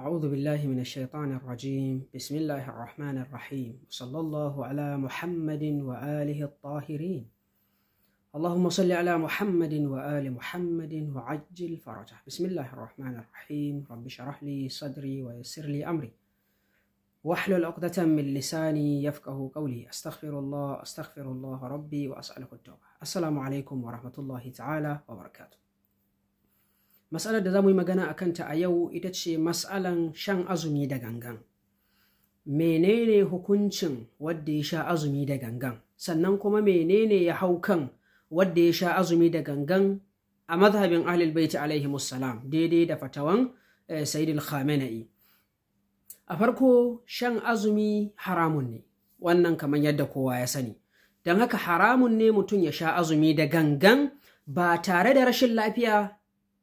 أعوذ بالله من الشيطان الرجيم بسم الله الرحمن الرحيم وصلى الله على محمد وآله الطاهرين اللهم صل على محمد وآل محمد وعجل فرجه بسم الله الرحمن الرحيم رب اشرح لي صدري ويسر لي أمري واحلل عقدة من لساني يفقه قولي أستغفر الله أستغفر الله ربي وأسأله التوبة السلام عليكم ورحمة الله تعالى وبركاته Matsalar da za mu yi magana a kanta a yau ita ce matsalan shan azumi da gangan. Menene hukuncin wadda ya sha azumi da gangan? Sannan kuma menene ya hau kan wadda ya sha azumi da gangan a mazhabin ahlul baiti alaihi musallam daidai da fatawan eh, Sayyidul Khamenei. A farko shan azumi haramun ne, wannan kamar yadda kowa ya sani. Don haka haramun ne mutum ya sha azumi da gangan ba tare da rashin lafiya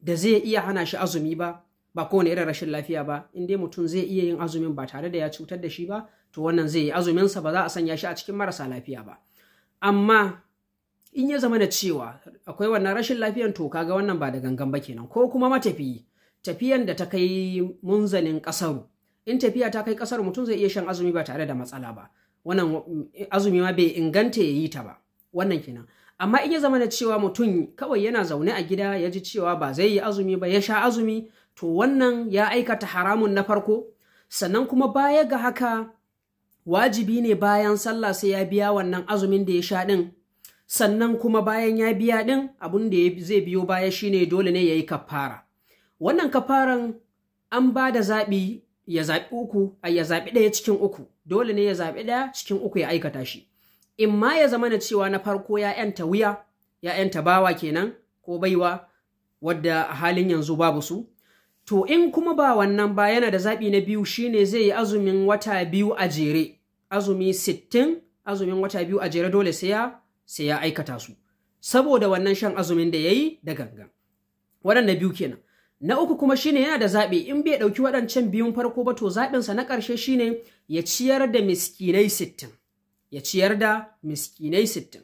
da zai iya hana shi azumi ba ba kowane irin rashin lafiya ba in dai mutum zai iya yin azumin ba tare da ya cutar da shi ba to wannan zai yi azuminsa ba za a sanya shi a cikin marasa lafiya ba amma in ya zama da cewa akwai wannan rashin lafiyan to kaga wannan ba da gangan ba kenan ko kuma matafiyi tafiyan da ta kai munzalin kasaru in tafiya ta kai kasar mutum zai iya shan azumi ba tare da matsala ba wannan azumi ma bai inganta ya yi ta ba wannan kenan amma in ya zama da cewa mutum kawai yana zaune a gida ya ji cewa ba zai yi azumi ba ya sha azumi to wannan ya aikata haramun na farko sannan kuma baya ga haka wajibi ne bayan sallah sai ya biya wannan azumin da ya sha din sannan kuma bayan ya biya din abun da zai biyo baya shine dole ne ya yi kafara wannan kafaran an ba da zabi ya zaɓi uku a ya zabi ɗaya cikin uku dole ne ya zaɓi ɗaya cikin uku ya aikata shi in ma ya zama na cewa na farko 'ya'yanta wuya, ya bawa kenan ko baiwa wadda a halin yanzu babu su. To in kuma ba wannan ba yana da zaɓi na biyu shine zai yi azumin wata biyu a jere, azumi sittin, azumin wata biyu a jere dole sai ya sai ya aikata su. Saboda wannan shan azumin da ya yi da gangan. Waɗanda biyu kenan. Na uku kuma shine yana da zaɓi in bai ɗauki waɗancan biyun farko ba to zaɓinsa na ƙarshe shine ya ciyar da miskinai sittin. ya ciyar da miskinai sittin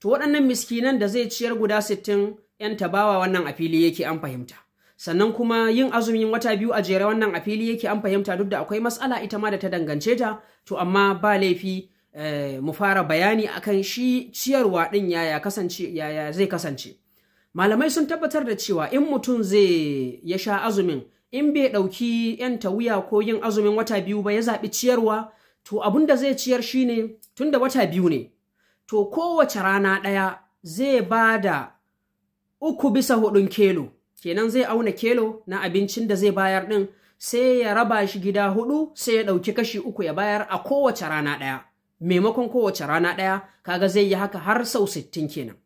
to waɗannan miskinan da zai ciyar guda sittin ‘yan tabawa wannan a fili yake an fahimta sannan kuma yin azumin wata biyu a jere wannan a fili yake an fahimta duk da akwai matsala ita ma da ta dangance ta to amma ba laifi eh, mu fara bayani akan shi ciyarwa ɗin yaya kasance yaya zai kasance malamai sun tabbatar da cewa in mutum zai ya sha azumin in bai ɗauki ‘yan wuya ko yin azumin wata biyu ba ya zaɓi ciyarwa to abun da zai ciyar shi ne tun da wata biyu ne to kowace rana ɗaya zai ba da uku bisa hudun kelo kenan zai auna kelo na abincin da zai bayar ɗin sai ya raba shi gida hudu sai ya ɗauki kashi uku ya bayar a kowace rana ɗaya maimakon kowace rana ɗaya kaga zai yi haka har sau sittin kenan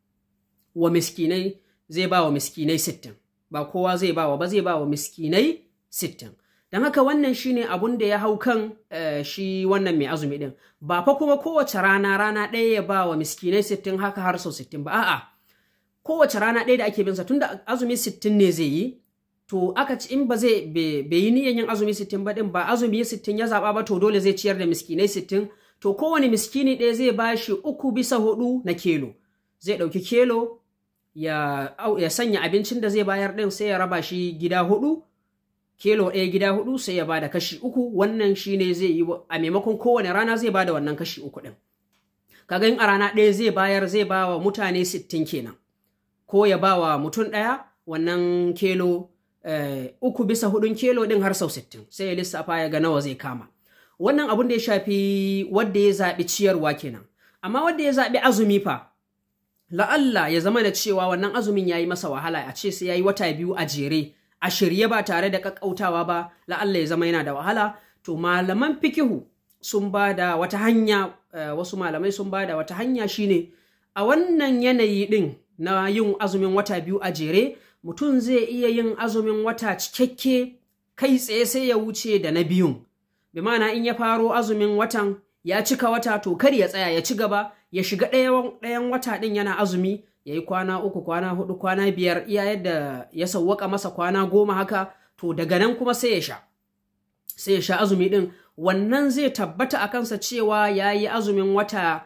wa miskinai zai ba wa miskinai sittin ba kowa zai ba wa ba zai ba wa miskinai sittin don haka wannan shine abun da ya hau kan eh, shi wannan mai azumi din ba fa kuma kowace rana rana ɗaya ya ba wa miskinai sittin haka har sau sittin ba a'a kowace rana ɗaya da ake binsa da azumi sittin ne zai yi to aka ci in ba zai bai yi niyan yin azumi sittin ba din ba azumi sittin ya zaɓa ba to dole zai ciyar da miskinai sittin to kowane miskini ɗaya zai ba shi uku bisa hudu na kelo zai ɗauki kelo ya, sanya abincin da zai bayar ɗin sai ya raba shi gida hudu Kelo ɗaya gida hudu sai ya bada kashi uku wannan shine zai yi a maimakon kowane rana zai bada wannan kashi uku ɗin kaga in a rana ɗaya zai bayar zai ba wa mutane sittin kenan ko ya ba wa mutum ɗaya wannan kelo eh, uku bisa hudun kelo ɗin har sau sittin sai ya lissafa ya ga nawa zai kama wannan abun da ya shafi wadda ya zaɓi ciyarwa kenan amma wadda ya zaɓi azumi fa la'alla ya zama da cewa wannan azumin ya yi masa wahala a ce sai ya yi wata biyu a jere a shirye ba tare da kakkautawa ba la'alla ya zama yana da wahala to malaman fikihu sun ba da wata hanya eh, wasu malamai sun ba da wata hanya shine a wannan yanayi din na yin azumin wata biyu a jere mutum zai iya yin azumin wata cikakke kai tsaye sai ya wuce da na biyun bi ma'ana in ya faro azumin watan ya cika wata to kar ya tsaya ya ci gaba ya shiga ɗayan wata ɗin yana azumi ya yi kwana uku kwana hudu kwana biyar iya yadda ya sauwaka masa kwana goma haka to daga nan kuma sai ya sha sai ya sha azumi din wannan zai tabbata a kansa cewa ya yi azumin wata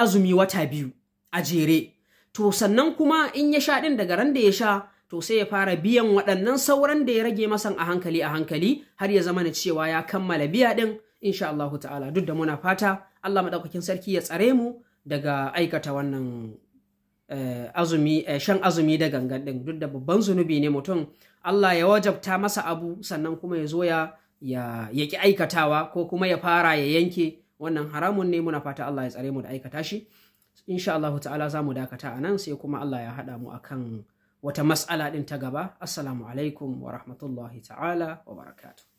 azumi wata biyu a jere to sannan kuma in ya sha din daga ran da ya sha to sai ya fara biyan waɗannan sauran da ya rage masan a hankali a hankali har ya zama cewa ya kammala biya din insha Allah ta'ala duk da muna fata Allah madaukakin sarki ya tsare mu daga aikata wannan Eh, azumi eh, shan azumi da gangan din duk da babban zunubi ne mutum Allah ya wajabta masa abu sannan kuma ya zo ya ya ki aikatawa ko kuma ya fara ya yanke wannan haramun ne muna fata Allah ya tsare mu da aikata shi insha Allah ta'ala za mu dakata a nan sai kuma Allah ya haɗa mu akan wata mas'ala ɗin ta gaba assalamu alaikum wa rahmatullahi ta'ala wa barakatuh